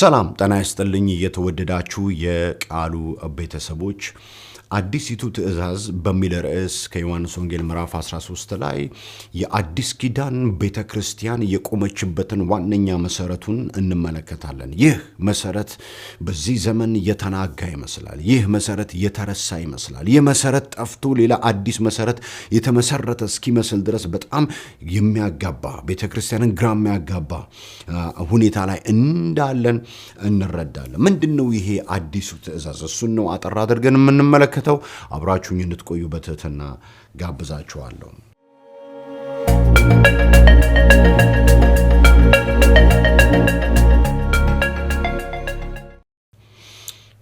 ሰላም ጠና ያስጥልኝ። እየተወደዳችሁ የቃሉ ቤተሰቦች አዲሲቱ ትእዛዝ በሚል ርዕስ ከዮሐንስ ወንጌል ምዕራፍ 13 ላይ የአዲስ ኪዳን ቤተ ክርስቲያን የቆመችበትን ዋነኛ መሰረቱን እንመለከታለን። ይህ መሰረት በዚህ ዘመን የተናጋ ይመስላል። ይህ መሰረት የተረሳ ይመስላል። ይህ መሰረት ጠፍቶ ሌላ አዲስ መሰረት የተመሰረተ እስኪመስል ድረስ በጣም የሚያጋባ ቤተ ክርስቲያንን ግራ የሚያጋባ ሁኔታ ላይ እንዳለን እንረዳለን። ምንድን ነው ይሄ አዲሱ ትእዛዝ? እሱን ነው አጠር አድርገን የምንመለከት እንድንመለከተው አብራችሁኝ እንድትቆዩ በትህትና ጋብዛችኋለሁ።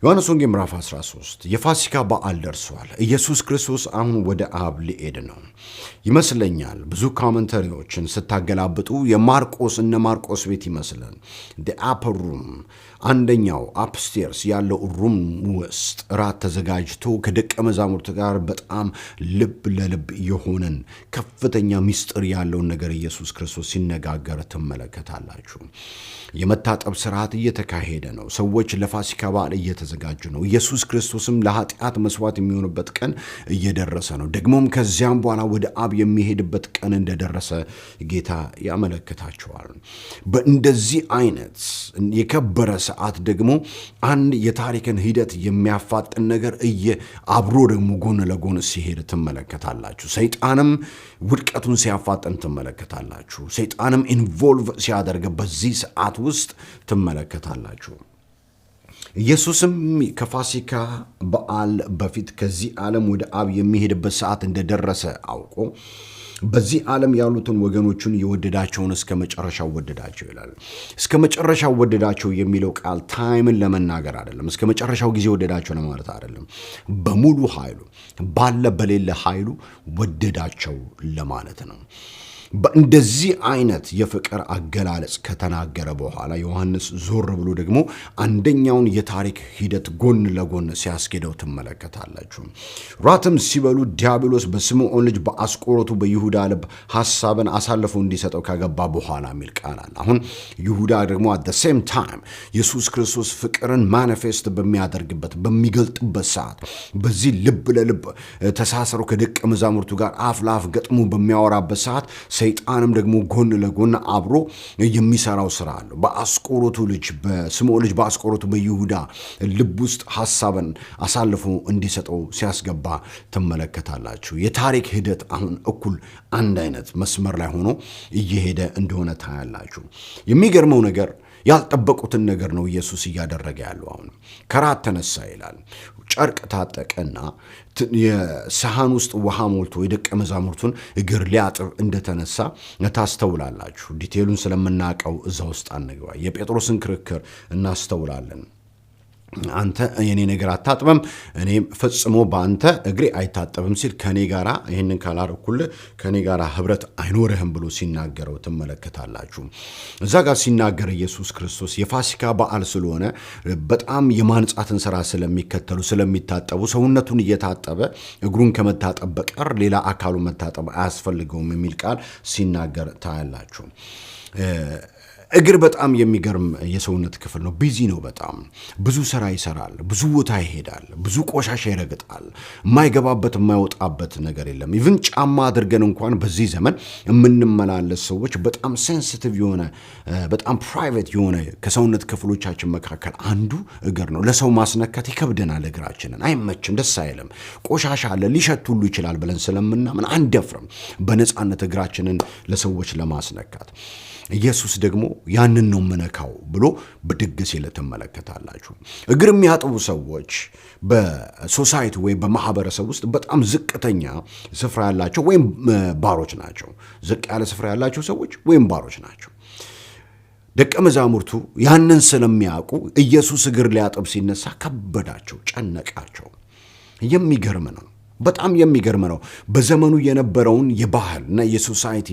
ዮሐንስ ወንጌል ምዕራፍ 13 የፋሲካ በዓል ደርሷል። ኢየሱስ ክርስቶስ አሁን ወደ አብ ሊሄድ ነው ይመስለኛል። ብዙ ኮመንተሪዎችን ስታገላብጡ የማርቆስ እነ ማርቆስ ቤት ይመስላል። አፐር ሩም አንደኛው አፕስቴርስ ያለው ሩም ውስጥ እራት ተዘጋጅቶ ከደቀ መዛሙርት ጋር በጣም ልብ ለልብ የሆነን ከፍተኛ ምስጢር ያለውን ነገር ኢየሱስ ክርስቶስ ሲነጋገር ትመለከታላችሁ። የመታጠብ ስርዓት እየተካሄደ ነው። ሰዎች ለፋሲካ በዓል እየተ እየተዘጋጁ ነው። ኢየሱስ ክርስቶስም ለኃጢአት መስዋዕት የሚሆንበት ቀን እየደረሰ ነው። ደግሞም ከዚያም በኋላ ወደ አብ የሚሄድበት ቀን እንደደረሰ ጌታ ያመለክታቸዋል። በእንደዚህ አይነት የከበረ ሰዓት ደግሞ አንድ የታሪክን ሂደት የሚያፋጥን ነገር እየ አብሮ ደግሞ ጎን ለጎን ሲሄድ ትመለከታላችሁ። ሰይጣንም ውድቀቱን ሲያፋጥን ትመለከታላችሁ። ሰይጣንም ኢንቮልቭ ሲያደርግ በዚህ ሰዓት ውስጥ ትመለከታላችሁ። ኢየሱስም ከፋሲካ በዓል በፊት ከዚህ ዓለም ወደ አብ የሚሄድበት ሰዓት እንደደረሰ አውቆ በዚህ ዓለም ያሉትን ወገኖቹን የወደዳቸውን እስከ መጨረሻው ወደዳቸው ይላል። እስከ መጨረሻው ወደዳቸው የሚለው ቃል ታይምን ለመናገር አይደለም። እስከ መጨረሻው ጊዜ ወደዳቸው ለማለት አይደለም። በሙሉ ኃይሉ ባለ በሌለ ኃይሉ ወደዳቸው ለማለት ነው። በእንደዚህ አይነት የፍቅር አገላለጽ ከተናገረ በኋላ ዮሐንስ ዞር ብሎ ደግሞ አንደኛውን የታሪክ ሂደት ጎን ለጎን ሲያስኬደው ትመለከታላችሁ። ራትም ሲበሉ ዲያብሎስ በስምዖን ልጅ በአስቆሮቱ በይሁዳ ልብ ሀሳብን አሳልፎ እንዲሰጠው ካገባ በኋላ የሚል ቃል አለ። አሁን ይሁዳ ደግሞ አት ዘ ሴም ታይም ኢየሱስ ክርስቶስ ፍቅርን ማኒፌስት በሚያደርግበት በሚገልጥበት ሰዓት በዚህ ልብ ለልብ ተሳስረው ከደቀ መዛሙርቱ ጋር አፍ ለአፍ ገጥሞ በሚያወራበት ሰዓት ሰይጣንም ደግሞ ጎን ለጎን አብሮ የሚሰራው ስራ አለው። በአስቆሮቱ ልጅ በስምዖን ልጅ በአስቆሮቱ በይሁዳ ልብ ውስጥ ሀሳብን አሳልፎ እንዲሰጠው ሲያስገባ ትመለከታላችሁ። የታሪክ ሂደት አሁን እኩል አንድ አይነት መስመር ላይ ሆኖ እየሄደ እንደሆነ ታያላችሁ። የሚገርመው ነገር ያልጠበቁትን ነገር ነው ኢየሱስ እያደረገ ያለው። አሁን ከራት ተነሳ ይላል። ጨርቅ ታጠቀና የሰሃን ውስጥ ውሃ ሞልቶ የደቀ መዛሙርቱን እግር ሊያጥብ እንደተነሳ ታስተውላላችሁ። ዲቴሉን ስለምናውቀው እዛ ውስጥ አንግባ። የጴጥሮስን ክርክር እናስተውላለን። አንተ የኔ ነገር አታጥበም፣ እኔም ፈጽሞ በአንተ እግሬ አይታጠብም ሲል ከኔ ጋራ ይህንን ካላርኩል ከኔ ጋራ ህብረት አይኖርህም ብሎ ሲናገረው ትመለከታላችሁ። እዛ ጋር ሲናገር ኢየሱስ ክርስቶስ የፋሲካ በዓል ስለሆነ በጣም የማንጻትን ስራ ስለሚከተሉ ስለሚታጠቡ ሰውነቱን እየታጠበ እግሩን ከመታጠብ በቀር ሌላ አካሉ መታጠብ አያስፈልገውም የሚል ቃል ሲናገር ታያላችሁ። እግር በጣም የሚገርም የሰውነት ክፍል ነው። ቢዚ ነው በጣም ብዙ ስራ ይሰራል፣ ብዙ ቦታ ይሄዳል፣ ብዙ ቆሻሻ ይረግጣል። የማይገባበት የማይወጣበት ነገር የለም። ኢቭን ጫማ አድርገን እንኳን በዚህ ዘመን የምንመላለስ ሰዎች በጣም ሴንስቲቭ የሆነ በጣም ፕራይቬት የሆነ ከሰውነት ክፍሎቻችን መካከል አንዱ እግር ነው። ለሰው ማስነካት ይከብደናል። እግራችንን አይመችም፣ ደስ አይልም። ቆሻሻ አለ፣ ሊሸት ሁሉ ይችላል ብለን ስለምናምን አንደፍርም በነፃነት እግራችንን ለሰዎች ለማስነካት ኢየሱስ ደግሞ ያንን ነው ምነካው ብሎ ብድግ ሲል ትመለከታላችሁ። እግር የሚያጥቡ ሰዎች በሶሳይቲ ወይም በማህበረሰብ ውስጥ በጣም ዝቅተኛ ስፍራ ያላቸው ወይም ባሮች ናቸው። ዝቅ ያለ ስፍራ ያላቸው ሰዎች ወይም ባሮች ናቸው። ደቀ መዛሙርቱ ያንን ስለሚያውቁ ኢየሱስ እግር ሊያጥብ ሲነሳ ከበዳቸው፣ ጨነቃቸው። የሚገርም ነው። በጣም የሚገርም ነው። በዘመኑ የነበረውን የባህል እና የሶሳይቲ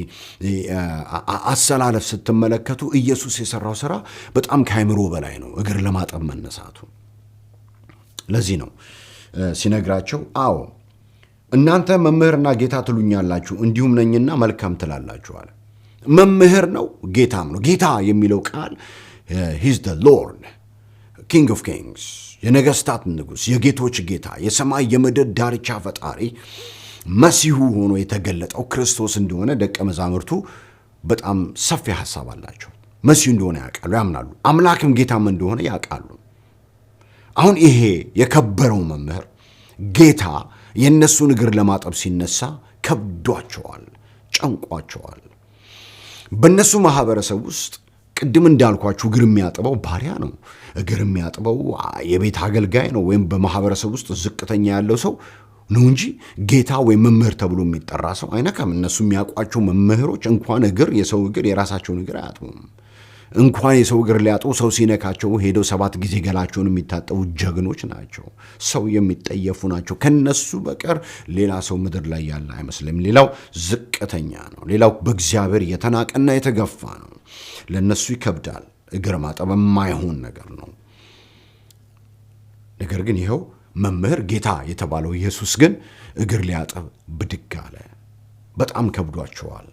አሰላለፍ ስትመለከቱ ኢየሱስ የሰራው ስራ በጣም ከአይምሮ በላይ ነው። እግር ለማጠብ መነሳቱ ለዚህ ነው ሲነግራቸው፣ አዎ እናንተ መምህርና ጌታ ትሉኛላችሁ እንዲሁም ነኝና መልካም ትላላችኋል። መምህር ነው ጌታም ነው። ጌታ የሚለው ቃል ሂዝ ሎርድ ኪንግ ኦፍ ኪንግስ የነገስታት ንጉስ የጌቶች ጌታ የሰማይ የምድር ዳርቻ ፈጣሪ መሲሁ ሆኖ የተገለጠው ክርስቶስ እንደሆነ ደቀ መዛሙርቱ በጣም ሰፊ ሀሳብ አላቸው። መሲሁ እንደሆነ ያውቃሉ፣ ያምናሉ። አምላክም ጌታም እንደሆነ ያውቃሉ። አሁን ይሄ የከበረው መምህር ጌታ የእነሱን እግር ለማጠብ ሲነሳ ከብዷቸዋል፣ ጨንቋቸዋል። በእነሱ ማህበረሰብ ውስጥ ቅድም እንዳልኳችሁ እግር የሚያጥበው ባሪያ ነው። እግር የሚያጥበው የቤት አገልጋይ ነው፣ ወይም በማህበረሰብ ውስጥ ዝቅተኛ ያለው ሰው ነው እንጂ ጌታ ወይም መምህር ተብሎ የሚጠራ ሰው አይነካም። እነሱ የሚያውቋቸው መምህሮች እንኳን እግር የሰው እግር የራሳቸውን እግር አያጥቡም። እንኳን የሰው እግር ሊያጥቡ ሰው ሲነካቸው ሄደው ሰባት ጊዜ ገላቸውን የሚታጠቡ ጀግኖች ናቸው። ሰው የሚጠየፉ ናቸው። ከነሱ በቀር ሌላ ሰው ምድር ላይ ያለ አይመስልም። ሌላው ዝቅተኛ ነው። ሌላው በእግዚአብሔር የተናቀና የተገፋ ነው። ለእነሱ ይከብዳል። እግር ማጠብ የማይሆን ነገር ነው። ነገር ግን ይኸው መምህር ጌታ የተባለው ኢየሱስ ግን እግር ሊያጠብ ብድግ አለ። በጣም ከብዷቸዋል።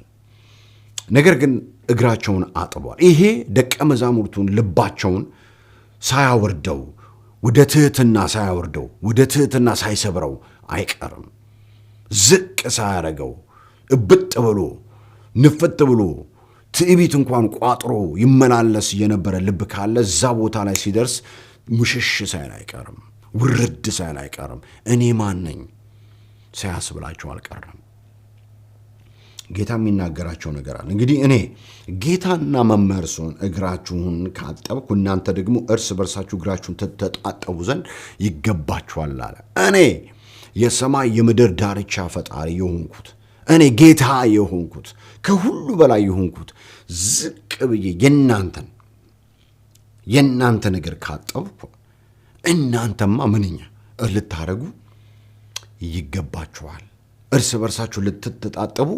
ነገር ግን እግራቸውን አጥቧል። ይሄ ደቀ መዛሙርቱን ልባቸውን ሳያወርደው ወደ ትህትና ሳያወርደው ወደ ትህትና ሳይሰብረው አይቀርም። ዝቅ ሳያረገው እብጥ ብሎ ንፍጥ ብሎ ትዕቢት እንኳን ቋጥሮ ይመላለስ የነበረ ልብ ካለ እዛ ቦታ ላይ ሲደርስ ሙሽሽ ሳይል አይቀርም፣ ውርድ ሳይል አይቀርም። እኔ ማን ነኝ ሳያስብላቸው አልቀርም። ጌታ የሚናገራቸው ነገር አለ። እንግዲህ እኔ ጌታና መምህር ስሆን እግራችሁን ካጠብኩ እናንተ ደግሞ እርስ በርሳችሁ እግራችሁን ተጣጠቡ ዘንድ ይገባችኋል አለ። እኔ የሰማይ የምድር ዳርቻ ፈጣሪ የሆንኩት እኔ ጌታ የሆንኩት ከሁሉ በላይ የሆንኩት ዝቅ ብዬ የእናንተን የእናንተ እግር ካጠብኩ እናንተማ ምንኛ ልታረጉ ይገባችኋል። እርስ በርሳችሁ ልትተጣጠቡ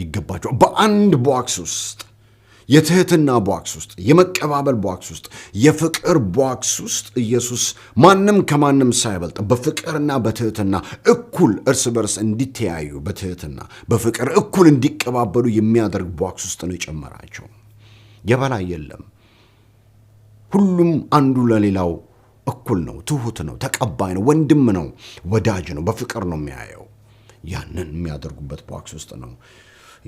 ይገባችኋል። በአንድ ቦክስ ውስጥ የትህትና ቦክስ ውስጥ፣ የመቀባበል ቧክስ ውስጥ፣ የፍቅር ቦክስ ውስጥ ኢየሱስ ማንም ከማንም ሳይበልጥ በፍቅርና በትህትና እኩል እርስ በርስ እንዲተያዩ በትህትና በፍቅር እኩል እንዲቀባበሉ የሚያደርግ ቦክስ ውስጥ ነው የጨመራቸው። የበላይ የለም። ሁሉም አንዱ ለሌላው እኩል ነው፣ ትሁት ነው፣ ተቀባይ ነው፣ ወንድም ነው፣ ወዳጅ ነው፣ በፍቅር ነው የሚያየው። ያንን የሚያደርጉበት ቦክስ ውስጥ ነው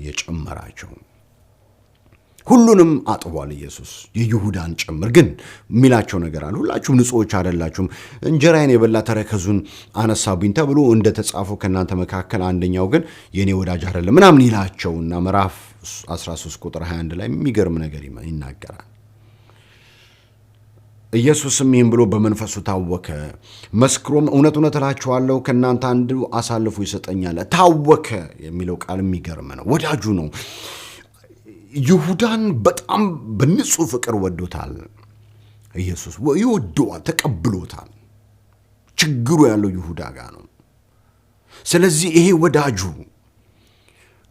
የጨመራቸው። ሁሉንም አጥቧል ኢየሱስ የይሁዳን ጭምር። ግን የሚላቸው ነገር አለ። ሁላችሁም ንጹዎች አይደላችሁም፣ እንጀራዬን የበላ ተረከዙን አነሳብኝ ተብሎ እንደተጻፈው ከእናንተ መካከል አንደኛው ግን የእኔ ወዳጅ አይደለም ምናምን ይላቸውና ምዕራፍ 13 ቁጥር 21 ላይ የሚገርም ነገር ይናገራል። ኢየሱስም ይህን ብሎ በመንፈሱ ታወከ፣ መስክሮም እውነት እውነት እላችኋለሁ ከእናንተ አንዱ አሳልፎ ይሰጠኛል። ታወከ የሚለው ቃል የሚገርም ነው። ወዳጁ ነው ይሁዳን በጣም በንጹህ ፍቅር ወዶታል ኢየሱስ። ይወደዋል፣ ተቀብሎታል። ችግሩ ያለው ይሁዳ ጋር ነው። ስለዚህ ይሄ ወዳጁ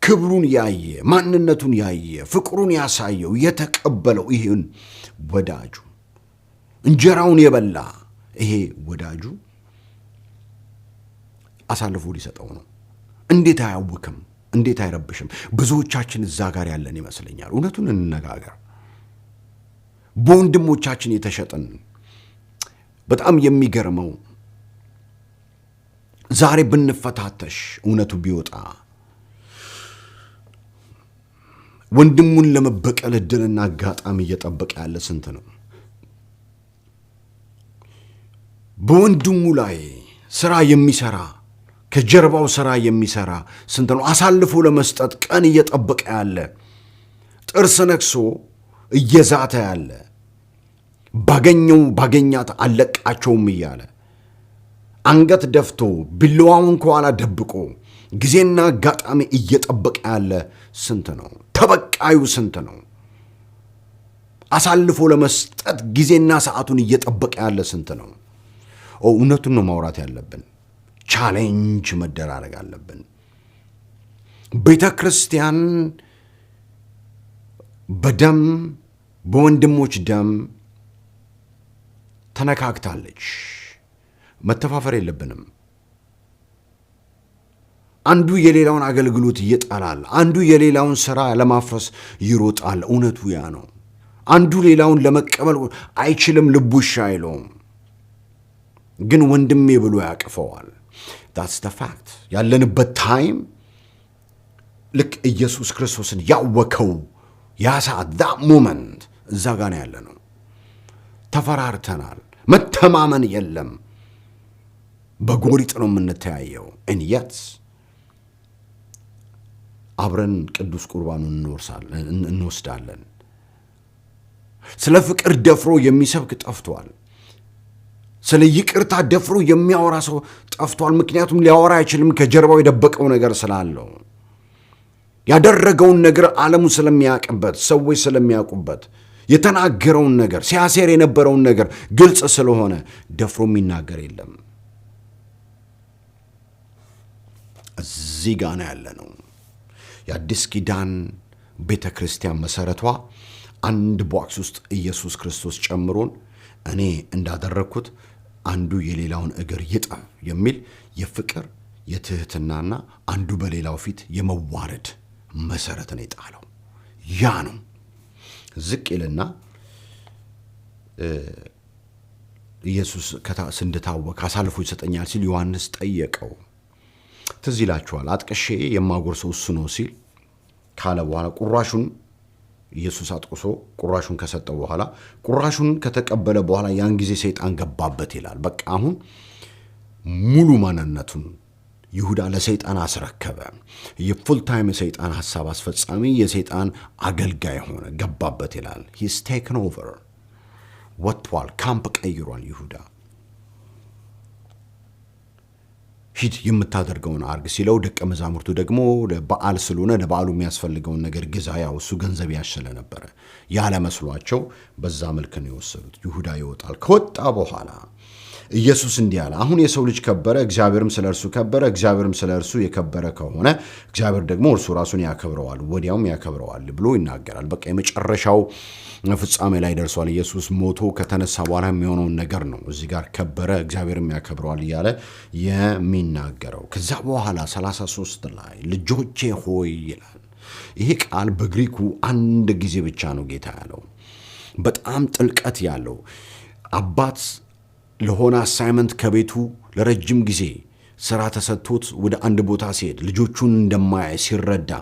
ክብሩን ያየ ማንነቱን ያየ ፍቅሩን ያሳየው የተቀበለው ይህን ወዳጁ እንጀራውን የበላ ይሄ ወዳጁ አሳልፎ ሊሰጠው ነው። እንዴት አያውክም? እንዴት አይረብሽም? ብዙዎቻችን እዛ ጋር ያለን ይመስለኛል። እውነቱን እንነጋገር፣ በወንድሞቻችን የተሸጥን። በጣም የሚገርመው ዛሬ ብንፈታተሽ እውነቱ ቢወጣ ወንድሙን ለመበቀል እድልና አጋጣሚ እየጠበቀ ያለ ስንት ነው? በወንድሙ ላይ ስራ የሚሰራ ከጀርባው ሥራ የሚሠራ ስንት ነው? አሳልፎ ለመስጠት ቀን እየጠበቀ ያለ ጥርስ ነክሶ እየዛተ ያለ ባገኘው ባገኛት አለቃቸውም እያለ አንገት ደፍቶ ቢላዋውን ከኋላ ደብቆ ጊዜና አጋጣሚ እየጠበቀ ያለ ስንት ነው? ተበቃዩ ስንት ነው? አሳልፎ ለመስጠት ጊዜና ሰዓቱን እየጠበቀ ያለ ስንት ነው? እውነቱን ነው ማውራት ያለብን። ቻሌንጅ መደራረግ አለብን። ቤተ ክርስቲያን በደም በወንድሞች ደም ተነካክታለች። መተፋፈር የለብንም። አንዱ የሌላውን አገልግሎት ይጠላል። አንዱ የሌላውን ስራ ለማፍረስ ይሮጣል። እውነቱ ያ ነው። አንዱ ሌላውን ለመቀበል አይችልም። ልቡ አይለውም፣ ግን ወንድሜ ብሎ ያቅፈዋል። ዳትስ ደ ፋክት። ያለንበት ታይም ልክ ኢየሱስ ክርስቶስን ያወከው ያ ሰዓት ዳ ሞመንት እዛ ጋ ነው ያለ ነው። ተፈራርተናል። መተማመን የለም። በጎሪጥ ነው የምንተያየው። እንየት አብረን ቅዱስ ቁርባኑን እንወስዳለን። ስለ ፍቅር ደፍሮ የሚሰብክ ጠፍቷል። ስለ ይቅርታ ደፍሮ የሚያወራ ሰው ጠፍቷል። ምክንያቱም ሊያወራ አይችልም፣ ከጀርባው የደበቀው ነገር ስላለው ያደረገውን ነገር ዓለሙ ስለሚያውቅበት፣ ሰዎች ስለሚያውቁበት፣ የተናገረውን ነገር ሲያሴር የነበረውን ነገር ግልጽ ስለሆነ ደፍሮ የሚናገር የለም። እዚህ ጋ ነው ያለ ነው የአዲስ ኪዳን ቤተ ክርስቲያን መሠረቷ አንድ ቦክስ ውስጥ ኢየሱስ ክርስቶስ ጨምሮን እኔ እንዳደረግኩት አንዱ የሌላውን እግር ይጠብ የሚል የፍቅር የትህትናና አንዱ በሌላው ፊት የመዋረድ ነው የጣለው ያ ነው። ዝቅ ይልና ኢየሱስ እንድታወክ አሳልፎ ይሰጠኛል ሲል ዮሐንስ ጠየቀው። ትዝ ይላችኋል። አጥቅሼ የማጎርሰው እሱ ነው ሲል ካለ በኋላ ቁራሹን ኢየሱስ አጥቁሶ ቁራሹን ከሰጠ በኋላ ቁራሹን ከተቀበለ በኋላ ያን ጊዜ ሰይጣን ገባበት ይላል። በቃ አሁን ሙሉ ማንነቱን ይሁዳ ለሰይጣን አስረከበ። የፉል ታይም የሰይጣን ሀሳብ አስፈጻሚ፣ የሰይጣን አገልጋይ ሆነ፣ ገባበት ይላል። ሂስ ቴክን ኦቨር ወጥቷል። ካምፕ ቀይሯል ይሁዳ ሂድ የምታደርገውን አርግ ሲለው ደቀ መዛሙርቱ ደግሞ በዓል ስለሆነ ለበዓሉ የሚያስፈልገውን ነገር ግዛ፣ ያው እሱ ገንዘብ ያሸለ ነበረ። ያለመስሏቸው በዛ መልክ ነው የወሰዱት። ይሁዳ ይወጣል። ከወጣ በኋላ ኢየሱስ እንዲህ አለ፣ አሁን የሰው ልጅ ከበረ፣ እግዚአብሔርም ስለ እርሱ ከበረ። እግዚአብሔርም ስለ እርሱ የከበረ ከሆነ እግዚአብሔር ደግሞ እርሱ ራሱን ያከብረዋል፣ ወዲያውም ያከብረዋል ብሎ ይናገራል። በቃ የመጨረሻው ፍጻሜ ላይ ደርሷል። ኢየሱስ ሞቶ ከተነሳ በኋላ የሚሆነውን ነገር ነው እዚህ ጋር ከበረ፣ እግዚአብሔርም ያከብረዋል እያለ የሚናገረው። ከዛ በኋላ 33 ላይ ልጆቼ ሆይ ይላል። ይሄ ቃል በግሪኩ አንድ ጊዜ ብቻ ነው ጌታ ያለው። በጣም ጥልቀት ያለው አባት ለሆነ አሳይመንት ከቤቱ ለረጅም ጊዜ ስራ ተሰጥቶት ወደ አንድ ቦታ ሲሄድ ልጆቹን እንደማያይ ሲረዳ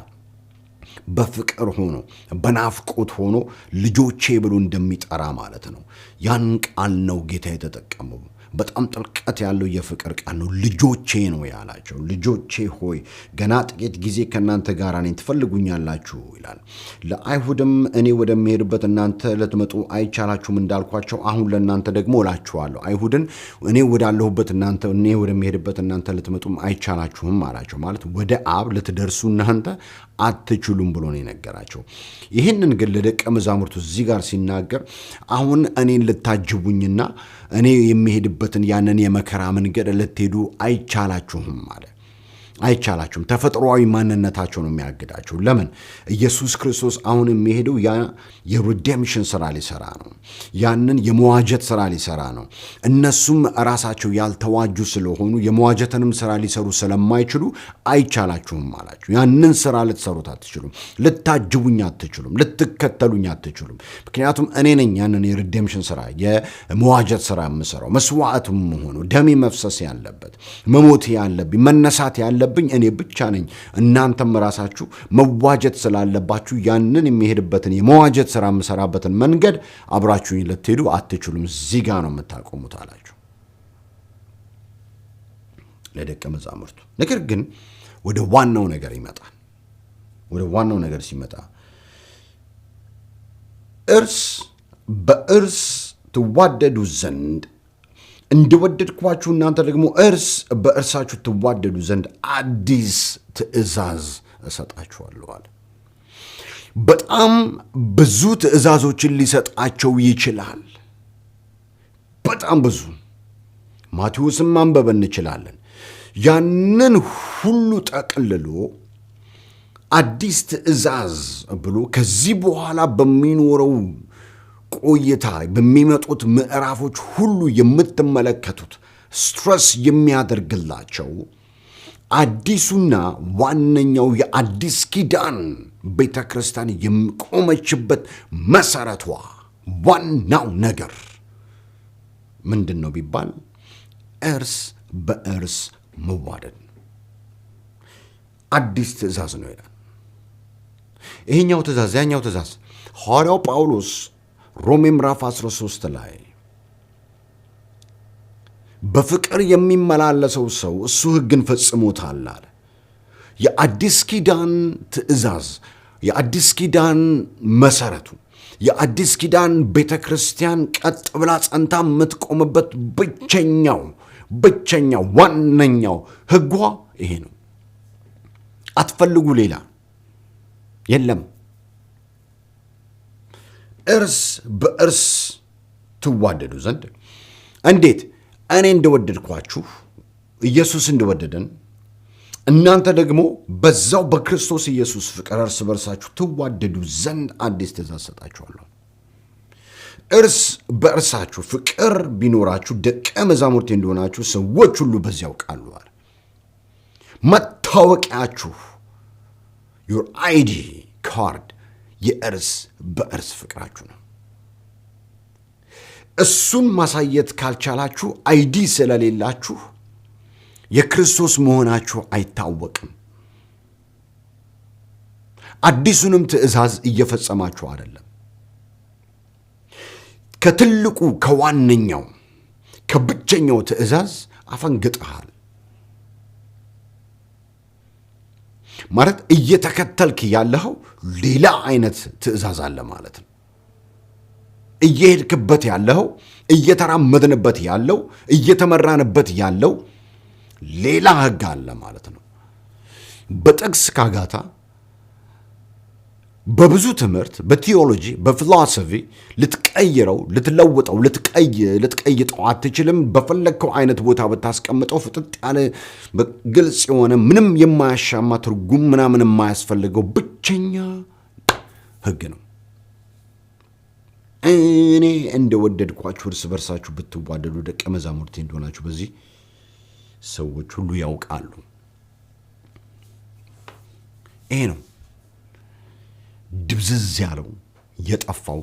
በፍቅር ሆኖ በናፍቆት ሆኖ ልጆቼ ብሎ እንደሚጠራ ማለት ነው። ያን ቃል ነው ጌታ የተጠቀመው። በጣም ጥልቀት ያለው የፍቅር ቃል ነው። ልጆቼ ነው ያላቸው። ልጆቼ ሆይ ገና ጥቂት ጊዜ ከእናንተ ጋር ኔ ትፈልጉኛላችሁ ይላል። ለአይሁድም እኔ ወደሚሄድበት እናንተ ልትመጡ አይቻላችሁም እንዳልኳቸው አሁን ለእናንተ ደግሞ እላችኋለሁ፣ አይሁድን እኔ ወዳለሁበት እናንተ እኔ ወደሚሄድበት እናንተ ልትመጡም አይቻላችሁም አላቸው። ማለት ወደ አብ ልትደርሱ እናንተ አትችሉም ብሎ ነው የነገራቸው። ይህንን ግን ለደቀ መዛሙርቱ እዚህ ጋር ሲናገር አሁን እኔን ልታጅቡኝና እኔ የሚሄድበትን ያንን የመከራ መንገድ ልትሄዱ አይቻላችሁም አለ። አይቻላችሁም። ተፈጥሯዊ ማንነታቸው ነው የሚያግዳችሁ። ለምን? ኢየሱስ ክርስቶስ አሁን የሚሄደው ያ የሪዴምሽን ስራ ሊሰራ ነው። ያንን የመዋጀት ስራ ሊሰራ ነው። እነሱም ራሳቸው ያልተዋጁ ስለሆኑ የመዋጀትንም ስራ ሊሰሩ ስለማይችሉ አይቻላችሁም አላችሁ። ያንን ስራ ልትሰሩት አትችሉም። ልታጅቡኝ አትችሉም። ልትከተሉኝ አትችሉም። ምክንያቱም እኔ ነኝ ያንን የሪዴምሽን ስራ የመዋጀት ስራ የምሰራው መስዋዕቱም መሆኑ ደሜ መፍሰስ ያለበት መሞት ያለብኝ መነሳት ያለ ያለብኝ እኔ ብቻ ነኝ። እናንተም ራሳችሁ መዋጀት ስላለባችሁ ያንን የሚሄድበትን የመዋጀት ስራ የምሰራበትን መንገድ አብራችሁኝ ልትሄዱ አትችሉም። እዚህ ጋ ነው የምታቆሙት አላችሁ ለደቀ መዛሙርቱ። ነገር ግን ወደ ዋናው ነገር ይመጣል። ወደ ዋናው ነገር ሲመጣ እርስ በእርስ ትዋደዱ ዘንድ እንደወደድኳችሁ እናንተ ደግሞ እርስ በእርሳችሁ ትዋደዱ ዘንድ አዲስ ትእዛዝ እሰጣችኋለሁ አለ። በጣም ብዙ ትእዛዞችን ሊሰጣቸው ይችላል። በጣም ብዙ ማቴዎስን ማንበብ እንችላለን። ያንን ሁሉ ጠቅልሎ አዲስ ትእዛዝ ብሎ ከዚህ በኋላ በሚኖረው ቆይታ በሚመጡት ምዕራፎች ሁሉ የምትመለከቱት ስትረስ የሚያደርግላቸው አዲሱና ዋነኛው የአዲስ ኪዳን ቤተ ክርስቲያን የቆመችበት መሰረቷ ዋናው ነገር ምንድን ነው ቢባል እርስ በእርስ መዋደድ አዲስ ትእዛዝ ነው ይላል። ይሄኛው ትእዛዝ ያኛው ትእዛዝ ሐዋርያው ጳውሎስ ሮሜ ምዕራፍ 13 ላይ በፍቅር የሚመላለሰው ሰው እሱ ሕግን ፈጽሞታል አለ። የአዲስ ኪዳን ትእዛዝ፣ የአዲስ ኪዳን መሰረቱ፣ የአዲስ ኪዳን ቤተ ክርስቲያን ቀጥ ብላ ጸንታ የምትቆምበት ብቸኛው ብቸኛው ዋነኛው ሕጓ ይሄ ነው። አትፈልጉ ሌላ የለም። እርስ በእርስ ትዋደዱ ዘንድ እንዴት እኔ እንደወደድኳችሁ ኢየሱስ እንደወደደን እናንተ ደግሞ በዛው በክርስቶስ ኢየሱስ ፍቅር እርስ በርሳችሁ ትዋደዱ ዘንድ አዲስ ትእዛዝ ሰጣችኋለሁ። እርስ በእርሳችሁ ፍቅር ቢኖራችሁ ደቀ መዛሙርት እንደሆናችሁ ሰዎች ሁሉ በዚያ ያውቃሉ። መታወቂያችሁ ዩር አይዲ ካርድ የእርስ በእርስ ፍቅራችሁ ነው። እሱን ማሳየት ካልቻላችሁ አይዲ ስለሌላችሁ የክርስቶስ መሆናችሁ አይታወቅም። አዲሱንም ትእዛዝ እየፈጸማችሁ አይደለም። ከትልቁ ከዋነኛው ከብቸኛው ትእዛዝ አፈንግጠሃል። ማለት እየተከተልክ ያለኸው ሌላ አይነት ትዕዛዝ አለ ማለት ነው። እየሄድክበት ያለው እየተራመድንበት ያለው እየተመራንበት ያለው ሌላ ህግ አለ ማለት ነው። በጥቅስ ካጋታ በብዙ ትምህርት በቲዮሎጂ በፊሎሶፊ ልትቀይረው ልትለውጠው ልትቀይጠው አትችልም። በፈለግከው አይነት ቦታ ብታስቀምጠው ፍጥጥ ያለ ግልጽ የሆነ ምንም የማያሻማ ትርጉም ምናምን የማያስፈልገው ብቸኛ ህግ ነው። እኔ እንደወደድኳችሁ እርስ በርሳችሁ ብትዋደዱ ደቀ መዛሙርቴ እንደሆናችሁ በዚህ ሰዎች ሁሉ ያውቃሉ። ይሄ ነው ድብዝዝ ያለው የጠፋው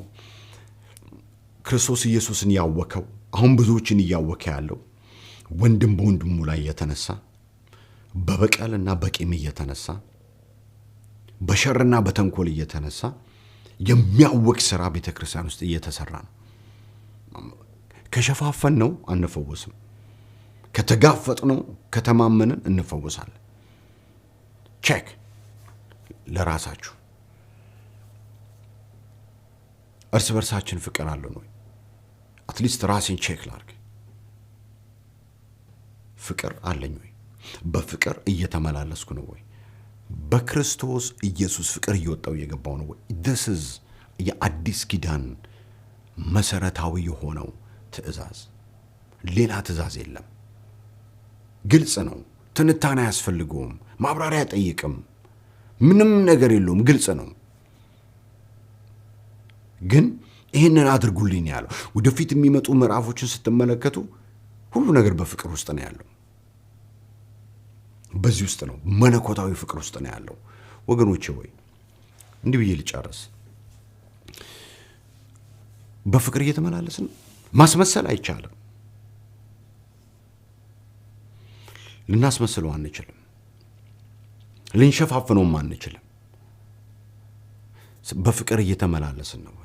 ክርስቶስ ኢየሱስን ያወከው አሁን ብዙዎችን እያወከ ያለው ወንድም በወንድሙ ላይ የተነሳ በበቀልና በቂም እየተነሳ በሸርና በተንኮል እየተነሳ የሚያወቅ ስራ ቤተ ክርስቲያን ውስጥ እየተሰራ ነው። ከሸፋፈን ነው አንፈወስም። ከተጋፈጥ ነው ከተማመንን እንፈወሳለን። ቼክ ለራሳችሁ እርስ በርሳችን ፍቅር አለን ወይ? አትሊስት ራሴን ቼክ ላርግ። ፍቅር አለኝ ወይ? በፍቅር እየተመላለስኩ ነው ወይ? በክርስቶስ ኢየሱስ ፍቅር እየወጣው እየገባው ነው ወይ? ዲስ ኢዝ የአዲስ ኪዳን መሰረታዊ የሆነው ትእዛዝ። ሌላ ትእዛዝ የለም። ግልጽ ነው። ትንታኔ አያስፈልገውም። ማብራሪያ አይጠይቅም። ምንም ነገር የለውም። ግልጽ ነው። ግን ይህንን አድርጉልኝ ያለው ወደፊት የሚመጡ ምዕራፎችን ስትመለከቱ ሁሉ ነገር በፍቅር ውስጥ ነው ያለው። በዚህ ውስጥ ነው መለኮታዊ ፍቅር ውስጥ ነው ያለው። ወገኖቼ ወይ እንዲህ ብዬ ልጨርስ፣ በፍቅር እየተመላለስን ማስመሰል አይቻልም። ልናስመስለው አንችልም። ልንሸፋፍነውም አንችልም። በፍቅር እየተመላለስን ነው።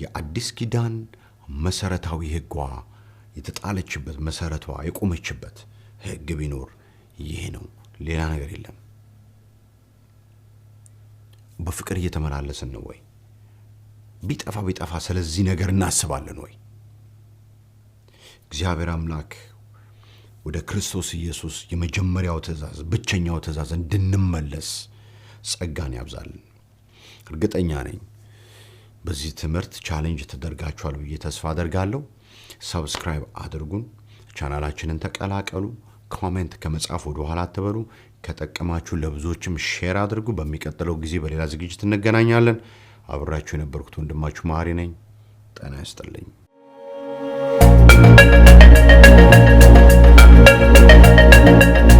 የአዲስ ኪዳን መሰረታዊ ህጓ የተጣለችበት መሰረቷ የቆመችበት ህግ ቢኖር ይሄ ነው። ሌላ ነገር የለም። በፍቅር እየተመላለስን ነው ወይ? ቢጠፋ ቢጠፋ ስለዚህ ነገር እናስባለን ወይ? እግዚአብሔር አምላክ ወደ ክርስቶስ ኢየሱስ የመጀመሪያው ትእዛዝ፣ ብቸኛው ትእዛዝ እንድንመለስ ጸጋን ያብዛልን። እርግጠኛ ነኝ በዚህ ትምህርት ቻሌንጅ ተደርጋችኋል ብዬ ተስፋ አደርጋለሁ። ሰብስክራይብ አድርጉን፣ ቻናላችንን ተቀላቀሉ፣ ኮሜንት ከመጻፍ ወደ ኋላ አትበሉ። ከጠቀማችሁ ለብዙዎችም ሼር አድርጉ። በሚቀጥለው ጊዜ በሌላ ዝግጅት እንገናኛለን። አብራችሁ የነበርኩት ወንድማችሁ መሀሪ ነኝ። ጤና ይስጥልኝ። Thank you.